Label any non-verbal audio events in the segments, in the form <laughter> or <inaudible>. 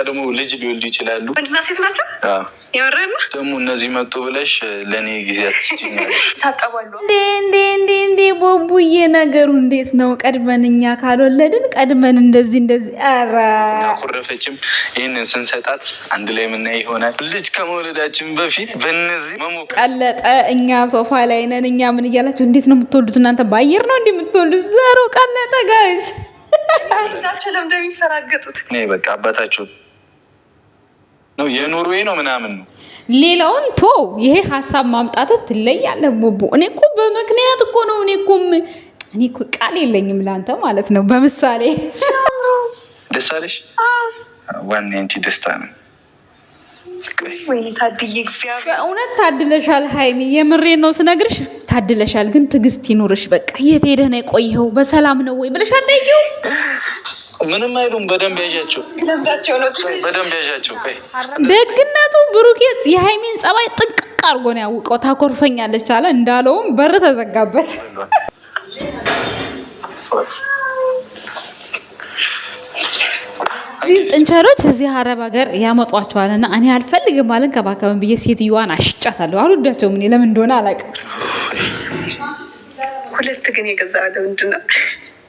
ቀድሞ ልጅ ሊወልዱ ይችላሉ። ወንድና ሴት ናቸው። የምርና ደግሞ እነዚህ መጡ ብለሽ ለእኔ ጊዜ አትስጭኛለሽ። <laughs> ታጠባሉ እንዴ እንዴ እንዴ እንዴ ቦቡዬ፣ ነገሩ እንዴት ነው? ቀድመን እኛ ካልወለድን ቀድመን እንደዚህ እንደዚህ። ኧረ ኩረፈችም ይህንን ስንሰጣት አንድ ላይ የምናይ ይሆናል። ልጅ ከመውለዳችን በፊት በነዚህ መሞቅ ቀለጠ። እኛ ሶፋ ላይ ነን። እኛ ምን እያላቸው እንዴት ነው የምትወልዱት እናንተ? በአየር ነው እንዲ የምትወልዱት? ዘሮ ቀለጠ ጋይዝ። ለምደሚሰራገጡት በቃ አባታቸው ነው የኖርዌይ ነው ምናምን ነው። ሌላውን ቶ ይሄ ሀሳብ ማምጣት ትለያለ ቦቦ። እኔ እኮ በምክንያት እኮ ነው። እኔ እኮ እኔ እኮ ቃል የለኝም ለአንተ ማለት ነው። በምሳሌ <laughs> ደሳለሽ ዋና አንቺ ደስታ ነው። በእውነት ታድለሻል ሀይሚ፣ የምሬ ነው ስነግርሽ ታድለሻል። ግን ትዕግስት ይኑርሽ። በቃ የት ሄደህ ነው የቆየኸው? በሰላም ነው ወይ ብለሽ አትጠይቂውም ምንም አይሉም። በደንብ ያዣቸው በደንብ ያዣቸው። ደግነቱ ብሩኬት የሃይሚን ጸባይ ጥንቅቅ አድርጎ ነው ያውቀው። ታኮርፈኛለች አለ እንዳለውም በር ተዘጋበት። እዚህ ጥንቸሎች እዚህ አረብ ሀገር ያመጧቸዋል እና እኔ አልፈልግም ከባከብን ብዬ ሴትዮዋን አሽጫታለሁ። አልወዳቸውም። እኔ ለምን እንደሆነ አላውቅም። ሁለት ግን የገዛ ምንድን ነው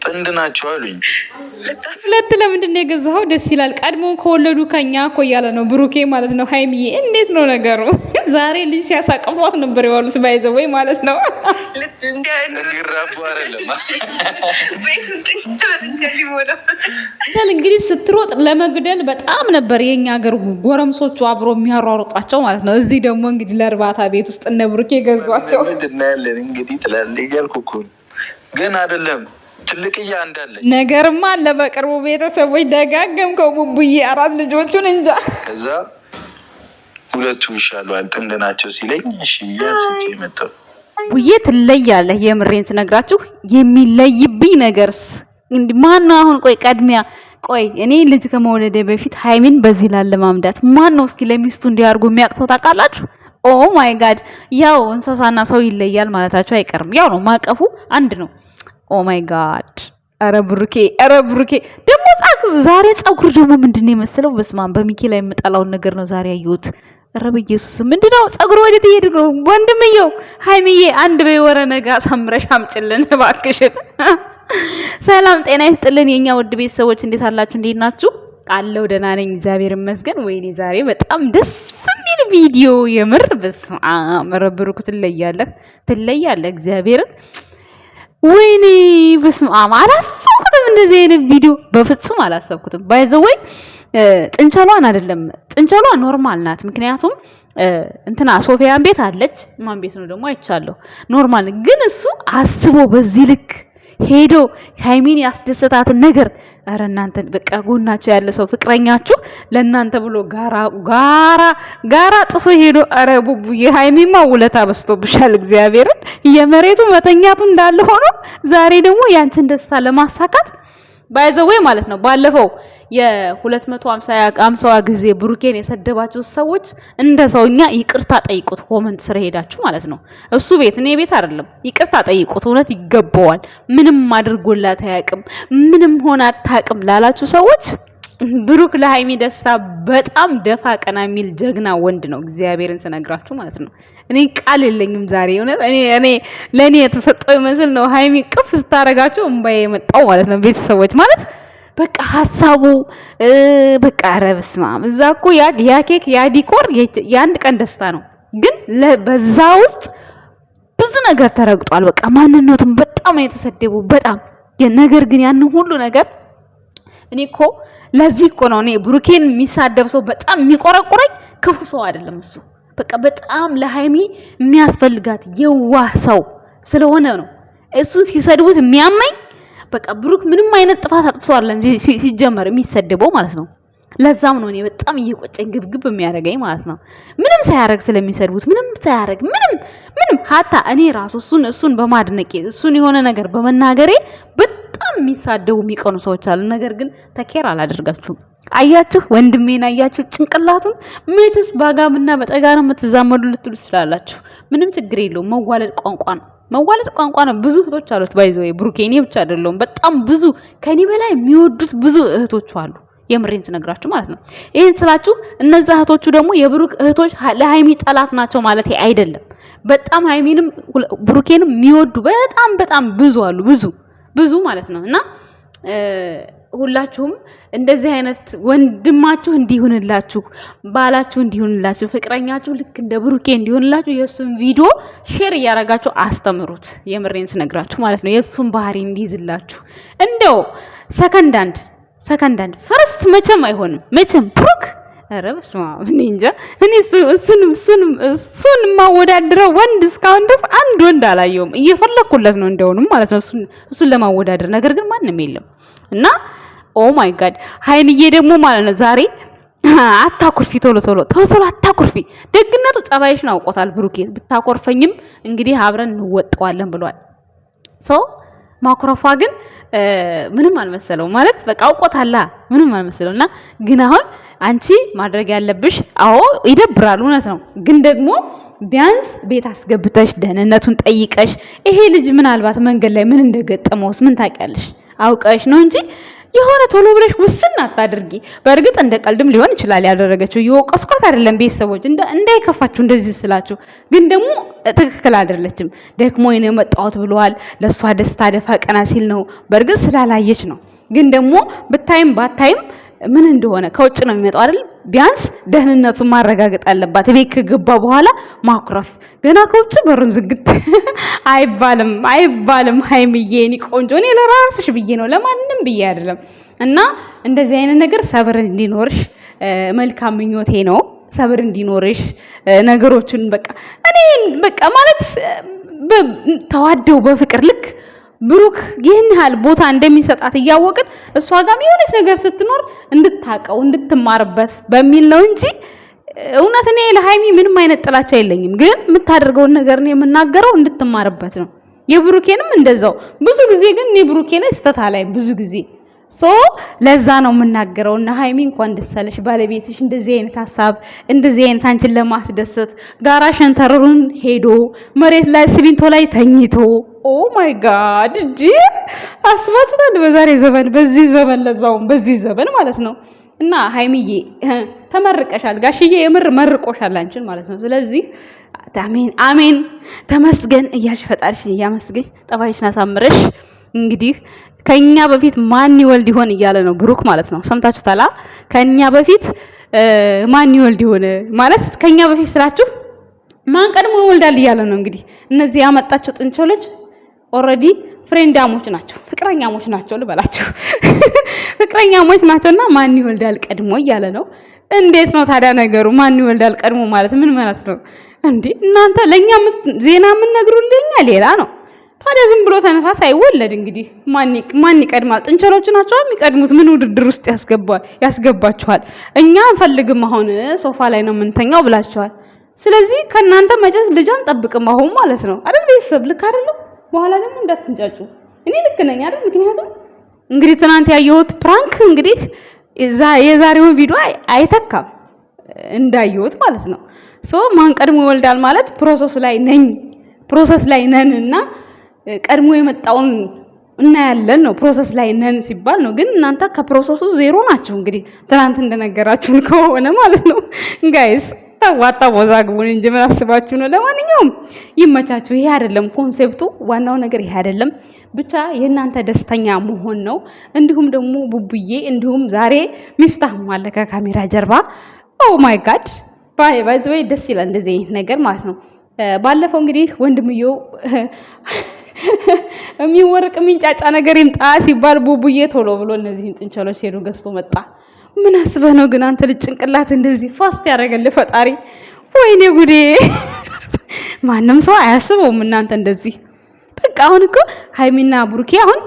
ጥንድ ናቸው አሉኝ። ሁለት ለምንድን ነው የገዛኸው? ደስ ይላል። ቀድሞ ከወለዱ ከኛ እኮ እያለ ነው ብሩኬ ማለት ነው። ሀይሚዬ እንዴት ነው ነገሩ? ዛሬ ልጅ ሲያሳቅፏት ነበር የዋሉት ባይዘ ወይ ማለት ነው። እንግዲህ ስትሮጥ ለመግደል በጣም ነበር የኛ ሀገር ጎረምሶቹ አብሮ የሚያሯሩጧቸው ማለት ነው። እዚህ ደግሞ እንግዲህ ለእርባታ ቤት ውስጥ እነ ብሩኬ ገዟቸው። ግን አይደለም ትልቅዬ እንዳለች ነገርማ አለ። በቅርቡ ቤተሰቦች ደጋገምከው ቡቡዬ፣ አራት ልጆቹን እንጃ። ከዛ ሁለቱ ይሻሉ አልጥንደናቸው ሲለኝ እሺ ያስጭ መጣሁ። ቡዬ ትለያለህ። የምሬን ስነግራችሁ የሚለይብኝ ነገርስ እንዲህ ማነው? አሁን ቆይ ቀድሚያ ቆይ እኔ ልጅ ከመወለደ በፊት ሀይሚን በዚህ ማምዳት ማን ነው እስኪ ለሚስቱ እንዲያርጉ የሚያቅተው ታውቃላችሁ? ኦ ማይ ጋድ! ያው እንስሳና ሰው ይለያል ማለታቸው አይቀርም። ያው ነው ማቀፉ አንድ ነው። ኦማይ ጋድ ኧረ ብሩኬ ኧረ ብሩኬ ደግሞ ዛሬ ፀጉር ደግሞ ምንድን ነው የመሰለው? በስመ አብ በሚኪ ላይ የምጠላውን ነገር ነው ዛሬ ያየሁት። ኧረ በኢየሱስ ነው ፀጉር ወዴት እየሄድ ነው? ወንድምየው ሀይሚዬ አንድ በወረ ነገ አሳምረሽ አምጭልን እባክሽን። ሰላም ጤና ይስጥልን የእኛ ውድ ቤተሰቦች እንዴት አላችሁ? እንዴት ናችሁ? አለው ደህና ነኝ እግዚአብሔር ይመስገን። ወይኔ ዛሬ በጣም ደስ የሚል ቪዲዮ የምር በስመ አብ ኧረ ብሩክ ትለያለህ፣ ትለያለህ እግዚአብሔርን ወይኔ በስመ አብ አላሰብኩትም። እንደዚህ አይነት ቪዲዮ በፍጹም አላሰብኩትም። ባይዘወይ ጥንቸሏን አይደለም ጥንቸሏ ኖርማል ናት። ምክንያቱም እንትና ሶፊያን ቤት አለች። ማን ቤት ነው ደግሞ አይቻለሁ። ኖርማል ግን እሱ አስቦ በዚህ ልክ ሄዶ ሃይሚን ያስደሰታትን ነገር ኧረ እናንተ በቃ ጎናቸው ያለ ሰው ፍቅረኛችሁ ለእናንተ ብሎ ጋራ ጋራ ጋራ ጥሶ ሄዶ ኧረ ቡቡዬ ሃይሚማ ውለታ በስቶብሻል። እግዚአብሔርን የመሬቱ መተኛቱ እንዳለ ሆኖ ዛሬ ደግሞ ያንችን ደስታ ለማሳካት ባይዘዌ ማለት ነው። ባለፈው የ250 50 ጊዜ ብሩኬን የሰደባችሁ ሰዎች እንደ ሰውኛ ይቅርታ ጠይቁት። ኮመንት ስር ሄዳችሁ ማለት ነው። እሱ ቤት እኔ ቤት አይደለም። ይቅርታ ጠይቁት። እውነት ይገባዋል። ምንም አድርጎላት አያውቅም፣ ምንም ሆና አታውቅም ላላችሁ ሰዎች ብሩክ ለሀይሚ ደስታ በጣም ደፋ ቀና የሚል ጀግና ወንድ ነው። እግዚአብሔርን ስነግራችሁ ማለት ነው። እኔ ቃል የለኝም ዛሬ እውነት እኔ እኔ ለእኔ የተሰጠው ይመስል ነው። ሀይሚ ቅፍ ስታደርጋቸው እምባዬ የመጣው ማለት ነው። ቤተሰቦች ማለት በቃ ሀሳቡ በቃ ኧረ በስመ አብ እዛ እኮ ያ ኬክ ያ ዲኮር የአንድ ቀን ደስታ ነው፣ ግን በዛ ውስጥ ብዙ ነገር ተረግጧል። በቃ ማንነቱም በጣም ነው የተሰደቡ በጣም ነገር ግን ያንን ሁሉ ነገር እኔ እኮ ለዚህ እኮ ነው እኔ ብሩኬን የሚሳደብ ሰው በጣም የሚቆረቁረኝ ክፉ ሰው አይደለም እሱ በቃ በጣም ለሃይሚ የሚያስፈልጋት የዋህ ሰው ስለሆነ ነው እሱን ሲሰድቡት የሚያመኝ። በቃ ብሩክ ምንም አይነት ጥፋት አጥፍቶ አይደለም ሲጀመር የሚሰደበው ማለት ነው። ለዛም ነው እኔ በጣም እየቆጨኝ ግብግብ የሚያደርገኝ ማለት ነው። ምንም ሳያደርግ ስለሚሰድቡት ምንም ሳያደርግ ምንም ምንም ሀታ እኔ ራሱ እሱን እሱን በማድነቄ እሱን የሆነ ነገር በመናገሬ በጣም የሚሳደቡ የሚቀኑ ሰዎች አሉ። ነገር ግን ተኬር አላደርጋችሁም። አያችሁ ወንድሜን አያችሁ ጭንቅላቱን። መቼስ በአጋምና በጠጋ ነው የምትዛመዱ ልትሉ ምንም ችግር የለውም። መዋለድ ቋንቋ ነው። መዋለድ ቋንቋ ነው። ብዙ እህቶች አሉት። ባይዘ ብሩኬ፣ እኔ ብቻ አይደለሁም። በጣም ብዙ ከኔ በላይ የሚወዱት ብዙ እህቶች አሉ። የምሬን ስነግራችሁ ማለት ነው። ይህን ስላችሁ እነዛ እህቶቹ ደግሞ የብሩክ እህቶች ለሀይሚ ጠላት ናቸው ማለት አይደለም። በጣም ሀይሚንም ብሩኬንም የሚወዱ በጣም በጣም ብዙ አሉ፣ ብዙ ብዙ ማለት ነው እና ሁላችሁም እንደዚህ አይነት ወንድማችሁ እንዲሆንላችሁ ባላችሁ እንዲሆንላችሁ ፍቅረኛችሁ ልክ እንደ ብሩኬ እንዲሆንላችሁ የእሱን ቪዲዮ ሼር እያደረጋችሁ አስተምሩት። የምሬን ስነግራችሁ ማለት ነው የእሱን ባህሪ እንዲይዝላችሁ እንደው ሰከንድ አንድ ሰከንድ አንድ ፈርስት መቼም አይሆንም። መቼም ብሩክ ኧረ በስመ አብ እኔ እንጃ። እኔ እሱን የማወዳድረው ወንድ እስካሁን ድረስ አንድ ወንድ አላየውም። እየፈለግኩለት ነው እንደውንም ማለት ነው እሱን ለማወዳደር ነገር ግን ማንም የለም እና ኦ ማይ ጋድ ሀይሚዬ ደግሞ ማለት ነው ዛሬ <laughs> አታኩርፊ ቶሎ ቶሎ ቶሎ ቶሎ አታኩርፊ። ደግነቱ ጸባይሽን አውቆታል ብሩኬ። ብታኮርፈኝም እንግዲህ አብረን እንወጠዋለን ብሏል ሰው ማኩረፏ ግን ምንም አልመሰለው ማለት በቃ አውቆታላ ምንም አልመሰለው እና ግን አሁን አንቺ ማድረግ ያለብሽ አዎ ይደብራል እውነት ነው ግን ደግሞ ቢያንስ ቤት አስገብተሽ ደህንነቱን ጠይቀሽ ይሄ ልጅ ምናልባት መንገድ ላይ ምን እንደገጠመውስ ምን ታውቂያለሽ አውቀሽ ነው እንጂ የሆነ ቶሎ ብለሽ ውስን አታድርጊ። በእርግጥ እንደ ቀልድም ሊሆን ይችላል ያደረገችው። የወቀስኳት አይደለም ቤተሰቦች፣ እንዳይከፋችሁ እንደዚህ ስላችሁ። ግን ደግሞ ትክክል አይደለችም። ደክሞ ነው የመጣሁት ብለዋል። ለእሷ ደስታ ደፋ ቀና ሲል ነው። በእርግጥ ስላላየች ነው። ግን ደግሞ ብታይም ባታይም ምን እንደሆነ ከውጭ ነው የሚመጣው አይደል? ቢያንስ ደህንነቱን ማረጋገጥ አለባት። ቤት ከገባ በኋላ ማኩረፍ ገና ከውጭ በሩን ዝግት <laughs> አይባልም አይባልም። ሀይምዬ እኔ ቆንጆ እኔ ለራስሽ ብዬ ነው ለማንም ብዬ አይደለም። እና እንደዚህ አይነት ነገር ሰብር እንዲኖርሽ መልካም ምኞቴ ነው። ሰብር እንዲኖርሽ ነገሮችን በቃ እኔ በቃ ማለት ተዋደው በፍቅር ልክ ብሩክ ይህን ያህል ቦታ እንደሚሰጣት እያወቅን እሷ ጋም የሆነች ነገር ስትኖር እንድታቀው እንድትማርበት በሚል ነው እንጂ እውነት እኔ ለሀይሚ ምንም አይነት ጥላቻ የለኝም። ግን የምታደርገውን ነገር የምናገረው እንድትማርበት ነው። የብሩኬንም እንደዛው ብዙ ጊዜ ግን እኔ ብሩኬ ላይ ስተታ ላይ ብዙ ጊዜ ሶ ለዛ ነው የምናገረው። እና ሀይሚ እንኳን ደስ አለሽ ባለቤትሽ እንደዚህ አይነት ሀሳብ እንደዚህ አይነት አንቺን ለማስደሰት ጋራ ሸንተረሩን ሄዶ መሬት ላይ ሲሚንቶ ላይ ተኝቶ ኦ ማይ ጋድ እንጂ አስባችሁታል? በዛሬ ዘመን በዚህ ዘመን ለዛውም በዚህ ዘመን ማለት ነው። እና ሀይሚዬ ተመርቀሻል፣ ጋሽዬ የምር መርቆሻል አንቺን ማለት ነው። ስለዚህ አሜን አሜን ተመስገን እያልሽ ፈጣሪሽን እያመስገኝ ጠባይሽን አሳምረሽ እንግዲህ ከኛ በፊት ማን ይወልድ ይሆን እያለ ነው ብሩክ ማለት ነው። ሰምታችሁ ታላ ከኛ በፊት ማን ይወልድ ይሆን ማለት ከኛ በፊት ስላችሁ ማን ቀድሞ ይወልዳል እያለ ነው። እንግዲህ እነዚህ ያመጣቸው ጥንቸው ልጅ ኦልሬዲ ፍሬንዳሞች ናቸው፣ ፍቅረኛሞች ናቸው ልበላችሁ። <laughs> ፍቅረኛሞች ናቸውና ማን ይወልዳል ቀድሞ እያለ ነው። እንዴት ነው ታዲያ ነገሩ? ማን ይወልዳል ቀድሞ ማለት ምን ማለት ነው እንዴ? እናንተ ለኛ ዜና የምትነግሩልኛ ሌላ ነው ታዲያ ዝም ብሎ ተነፋስ አይወለድ። እንግዲህ ማን ይቀድማል? ጥንቸሎቹ ናቸው የሚቀድሙት። ምን ውድድር ውስጥ ያስገባችኋል? እኛ አንፈልግም። አሁን ሶፋ ላይ ነው የምንተኛው ብላችኋል። ስለዚህ ከእናንተ መጨስ ልጅ አንጠብቅም አሁን ማለት ነው አይደል? ቤተሰብ ልክ አይደለም። በኋላ ደግሞ እንዳትንጫጩ። እኔ ልክ ነኝ አይደል? ምክንያቱም እንግዲህ ትናንት ያየሁት ፕራንክ እንግዲህ የዛሬውን ቪዲዮ አይተካም እንዳየሁት ማለት ነው። ሶ ማን ቀድሞ ይወልዳል ማለት ፕሮሰስ ላይ ነኝ ፕሮሰስ ላይ ነን እና ቀድሞ የመጣውን እናያለን ነው። ፕሮሰስ ላይ ነን ሲባል ነው። ግን እናንተ ከፕሮሰሱ ዜሮ ናችሁ። እንግዲህ ትናንት እንደነገራችሁን ከሆነ ማለት ነው ጋይስ ዋጣ ቦዛ እንጂ ምን አስባችሁ ነው? ለማንኛውም ይመቻችሁ። ይሄ አይደለም ኮንሴፕቱ፣ ዋናው ነገር ይሄ አይደለም። ብቻ የእናንተ ደስተኛ መሆን ነው። እንዲሁም ደግሞ ቡቡዬ፣ እንዲሁም ዛሬ ሚፍታህ አለ ከካሜራ ጀርባ። ኦ ማይ ጋድ ባይ ዘ ወይ ደስ ይላል እንደዚህ ነገር ማለት ነው። ባለፈው እንግዲህ ወንድምየው <laughs> የሚወርቅ የሚንጫጫ ነገር ይምጣ ሲባል ቡቡዬ ቶሎ ብሎ እነዚህን ጥንቸሎች ሄዶ ገዝቶ መጣ። ምን አስበህ ነው ግን አንተ ልጅ ጭንቅላት እንደዚህ ፋስት ያደረገልህ ፈጣሪ? ወይኔ ጉዴ! <laughs> ማንም ሰው አያስበውም እናንተ እንደዚህ በቃ አሁን እኮ ሀይሚና ብሩኬ አሁን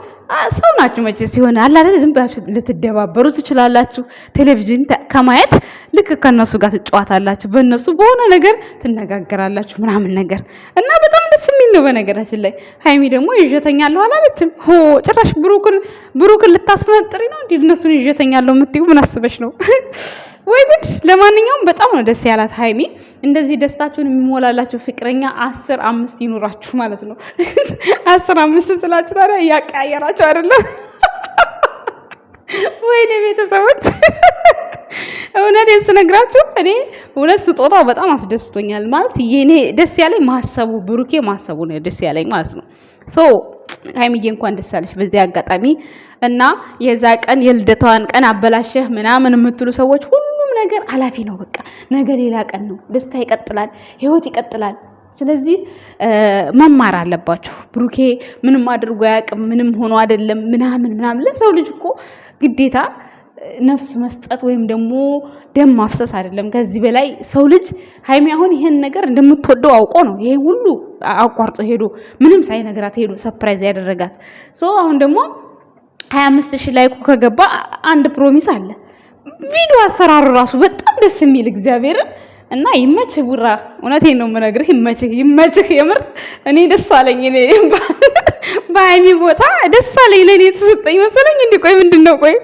ሰው ናችሁ መቼ ሲሆን አላለ ዝም ብላችሁ ልትደባበሩ ትችላላችሁ። ቴሌቪዥን ከማየት ልክ ከነሱ ጋር ትጫዋታላችሁ፣ በእነሱ በሆነ ነገር ትነጋገራላችሁ ምናምን ነገር እና በጣም ደስ የሚል ነው። በነገራችን ላይ ሀይሚ ደግሞ ይዤተኛለሁ አላለችም። ሆ ጭራሽ ብሩክን ብሩክን ልታስመጥሪ ነው እንዲ እነሱን ይዤተኛለሁ የምትይው ምን አስበሽ ነው? <laughs> ወይ ጉድ! ለማንኛውም በጣም ነው ደስ ያላት ሀይሚ። እንደዚህ ደስታችሁን የሚሞላላችሁ ፍቅረኛ አስር አምስት ይኑራችሁ ማለት ነው። <laughs> አስር አምስት ስላችሁ ታዲያ እያቀያየራችሁ አይደለም። <laughs> ወይኔ ቤተሰቦች <laughs> እውነት ስነግራችሁ እኔ እውነት ስጦታው በጣም አስደስቶኛል። ማለት የኔ ደስ ያለኝ ማሰቡ ብሩኬ ማሰቡ ነው ደስ ያለኝ ማለት ነው። ሶ ሀይሚዬ እንኳን ደስ ያለሽ በዚህ አጋጣሚ እና የዛ ቀን የልደታዋን ቀን አበላሸህ ምናምን የምትሉ ሰዎች ሁሉ ነገር አላፊ ነው። በቃ ነገ ሌላ ቀን ነው። ደስታ ይቀጥላል፣ ህይወት ይቀጥላል። ስለዚህ መማር አለባችሁ። ብሩኬ ምንም አድርጎ አያውቅም፣ ምንም ሆኖ አይደለም ምናምን ምናምን። ለሰው ልጅ እኮ ግዴታ ነፍስ መስጠት ወይም ደግሞ ደም ማፍሰስ አይደለም። ከዚህ በላይ ሰው ልጅ ሀይሚ አሁን ይሄን ነገር እንደምትወደው አውቆ ነው ይሄ ሁሉ አቋርጦ ሄዶ ምንም ሳይነግራት ሄዶ ሰፕራይዝ ያደረጋት ሰው። አሁን ደግሞ ሀያ አምስት ሺህ እኮ ከገባ አንድ ፕሮሚስ አለ ቪዲዮ አሰራሩ ራሱ በጣም ደስ የሚል እግዚአብሔርን እና ይመችህ ቡራ፣ እውነቴን ነው የምነግርህ። ይመችህ ይመችህ። የምር እኔ ደስ አለኝ። እኔ በሀይሚ ቦታ ደስ አለኝ። ለእኔ የተሰጠኝ መሰለኝ። እንዲ ቆይ ምንድን ነው? ቆይ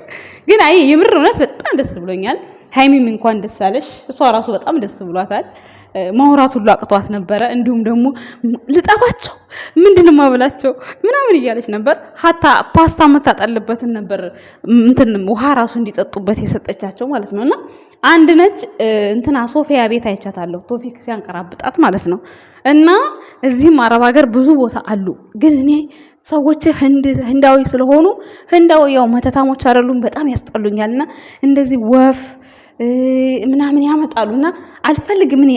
ግን አይ የምር እውነት በጣም ደስ ብሎኛል። ሀይሚም እንኳን ደስ አለሽ። እሷ ራሱ በጣም ደስ ብሏታል። ማውራት ሁሉ አቅቷት ነበረ። እንዲሁም ደግሞ ልጠባቸው ምንድን ማብላቸው ምናምን እያለች ነበር። ሀታ ፓስታ የምታጠልበትን ነበር እንትን ውሃ ራሱ እንዲጠጡበት የሰጠቻቸው ማለት ነው። እና አንድ ነች እንትና ሶፊያ ቤት አይቻታለሁ፣ ቶፊክ ሲያንቀራብጣት ማለት ነው። እና እዚህም አረብ ሀገር ብዙ ቦታ አሉ፣ ግን እኔ ሰዎች ህንዳዊ ስለሆኑ ህንዳዊ ያው መተታሞች አይደሉም፣ በጣም ያስጠሉኛል። እና እንደዚህ ወፍ ምናምን ያመጣሉ እና አልፈልግም እኔ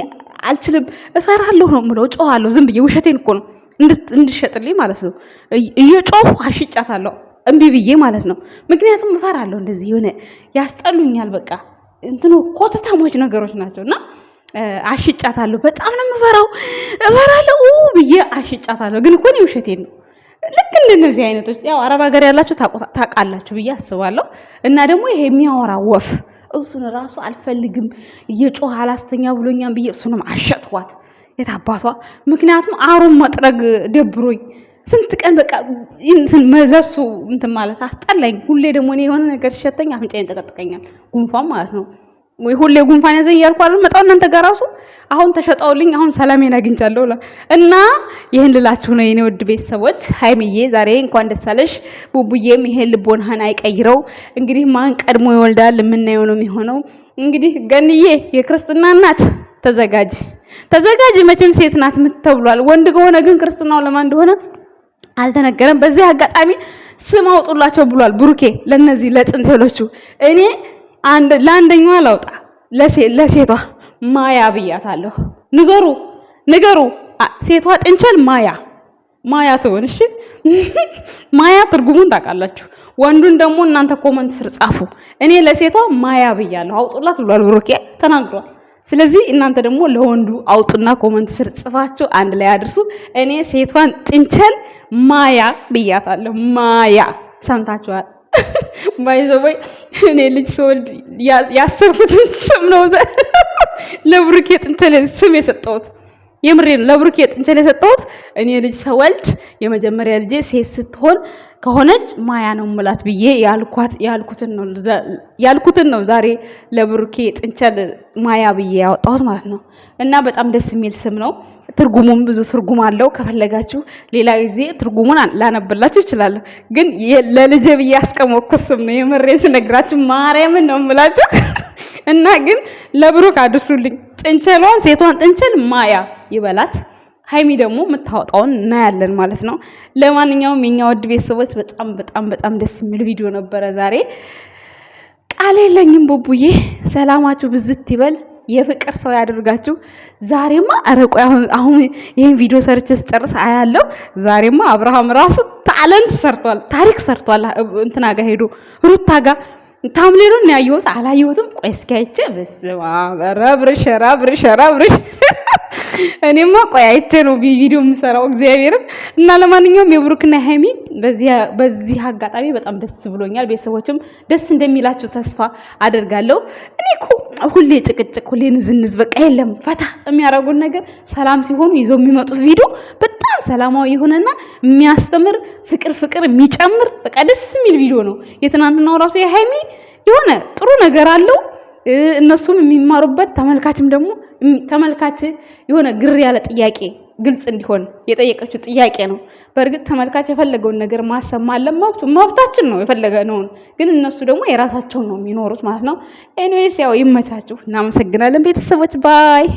አልችልም፣ እፈራለሁ ነው የምለው። ጮኋለሁ ዝም ብዬ ውሸቴን እኮ ነው እንድሸጥልኝ ማለት ነው። እየጮሁ አሽጫታለሁ እምቢ ብዬ ማለት ነው። ምክንያቱም እፈራለሁ። እንደዚህ የሆነ ያስጠሉኛል። በቃ እንትኑ ኮተታሞች ነገሮች ናቸው እና አሽጫታለሁ። በጣም ነው የምፈራው፣ እፈራለሁ ብዬ አሽጫታለሁ። ግን እኮ እኔ ውሸቴን ነው። ልክ እንደነዚህ አይነቶች ያው አረብ ሀገር ያላችሁ ታውቃላችሁ ብዬ አስባለሁ። እና ደግሞ ይሄ የሚያወራ ወፍ እሱን ራሱ አልፈልግም እየጮህ አላስተኛ ብሎኛም ብዬ እሱንም አሸጥኋት የት አባቷ ምክንያቱም አሩን መጥረግ ደብሮኝ ስንት ቀን በቃ መለሱ እንትን ማለት አስጠላኝ። ሁሌ ደግሞ እኔ የሆነ ነገር ሸተኝ አፍንጫዬን ጠቀጥቀኛል፣ ጉንፋን ማለት ነው። ወይ ሁሌ ጉንፋን ያዘኝ እያልኩ አልመጣሁ እናንተ ጋር ራሱ አሁን ተሸጠውልኝ አሁን ሰላሜን አግኝቻለሁ እና ይህን ልላችሁ ነው የኔ ውድ ቤተሰቦች። ሀይምዬ ዛሬ እንኳን ደስ አለሽ። ቡቡዬም ይሄን ልቦናህን አይቀይረው። እንግዲህ ማን ቀድሞ ይወልዳል የምናየው ነው የሚሆነው። እንግዲህ ገንዬ የክርስትና እናት ተዘጋጅ ተዘጋጅ። መቼም ሴት ናት ምትተብሏል ወንድ ከሆነ ግን ክርስትናው ለማን እንደሆነ አልተነገረም። በዚህ አጋጣሚ ስም አውጡላቸው ብሏል ብሩኬ ለነዚህ ለጥንቴሎቹ እኔ ለአንደኛዋ ላውጣ ለሴቷ ማያ ብያታለሁ። ንገሩ ንገሩ። ሴቷ ጥንቸል ማያ ማያ ትሆን። እሺ <laughs> ማያ ትርጉሙን ታውቃላችሁ። ወንዱን ደግሞ እናንተ ኮመንት ስር ጻፉ። እኔ ለሴቷ ማያ ብያለሁ አውጡላት ብሏል ብሩኬ ተናግሯል። ስለዚህ እናንተ ደግሞ ለወንዱ አውጡና ኮመንት ስር ጽፋችሁ አንድ ላይ አድርሱ። እኔ ሴቷን ጥንቸል ማያ ብያታለሁ። ማያ ሰምታችኋል። ባይዘወይ እኔ ልጅ ስወልድ ያሰብኩትን ስም ነው ለብሩኬ ጥንቸሌ ስም የሰጠሁት። የምሬ ነው ለብሩኬ ጥንቸሌ የሰጠሁት። እኔ ልጅ ስወልድ የመጀመሪያ ልጄ ሴት ስትሆን ከሆነች ማያ ነው ምላት ብዬ ያልኩትን ነው ዛሬ ለብሩኬ ጥንቸል ማያ ብዬ ያወጣሁት ማለት ነው። እና በጣም ደስ የሚል ስም ነው። ትርጉሙም ብዙ ትርጉም አለው። ከፈለጋችሁ ሌላ ጊዜ ትርጉሙን ላነብላችሁ ይችላለሁ። ግን ለልጄ ብዬ ያስቀመጥኩት ስም ነው። የምሬን ነግራችሁ ማርያምን ነው የምላችሁ። <laughs> እና ግን ለብሩክ አድርሱልኝ። ጥንቸሏን ሴቷን ጥንቸል ማያ ይበላት። ሀይሚ ደግሞ የምታወጣውን እናያለን ማለት ነው። ለማንኛውም የኛ ወድ ቤተሰቦች በጣም በጣም በጣም ደስ የሚል ቪዲዮ ነበረ ዛሬ። ቃል የለኝም ቡቡዬ፣ ሰላማችሁ ብዝት ይበል። የፍቅር ሰው ያደርጋችሁ። ዛሬማ አረቆ አሁን ይህን ቪዲዮ ሰርች ስጨርስ አያለው። ዛሬማ አብርሃም ራሱ ታለንት ሰርቷል፣ ታሪክ ሰርቷል። እንትና ጋ ሄዶ ሩታ ጋ ታምሌሩን ያየሁት አላየሁትም። ቆይ እስኪ አይቼ በስመ አብ ረብርሽ ረብርሽ ረብርሽ እኔማ ቆይ አይቼ ነው ቪዲዮ የምሰራው እግዚአብሔርን እና ለማንኛውም የብሩክና የሀይሚ በዚህ አጋጣሚ በጣም ደስ ብሎኛል። ቤተሰቦችም ደስ እንደሚላቸው ተስፋ አደርጋለሁ። እኔ እኮ ሁሌ ጭቅጭቅ፣ ሁሌ ንዝንዝ በቃ የለም ፈታ የሚያደርጉን ነገር ሰላም ሲሆኑ ይዘው የሚመጡት ቪዲዮ በጣም ሰላማዊ የሆነና የሚያስተምር ፍቅር ፍቅር የሚጨምር በቃ ደስ የሚል ቪዲዮ ነው። የትናንትናው ራሱ የሀይሚ የሆነ ጥሩ ነገር አለው እነሱም የሚማሩበት ተመልካችም ደግሞ ተመልካች የሆነ ግር ያለ ጥያቄ ግልጽ እንዲሆን የጠየቀችው ጥያቄ ነው። በእርግጥ ተመልካች የፈለገውን ነገር ማሰብ አለን፣ መብቱ መብታችን ነው። የፈለገነውን ግን እነሱ ደግሞ የራሳቸውን ነው የሚኖሩት ማለት ነው። ኤኒዌይስ ያው ይመቻችሁ። እናመሰግናለን ቤተሰቦች ባይ